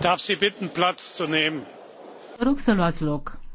darf sie bitten platz zu nehmen. vă rog să luați loc.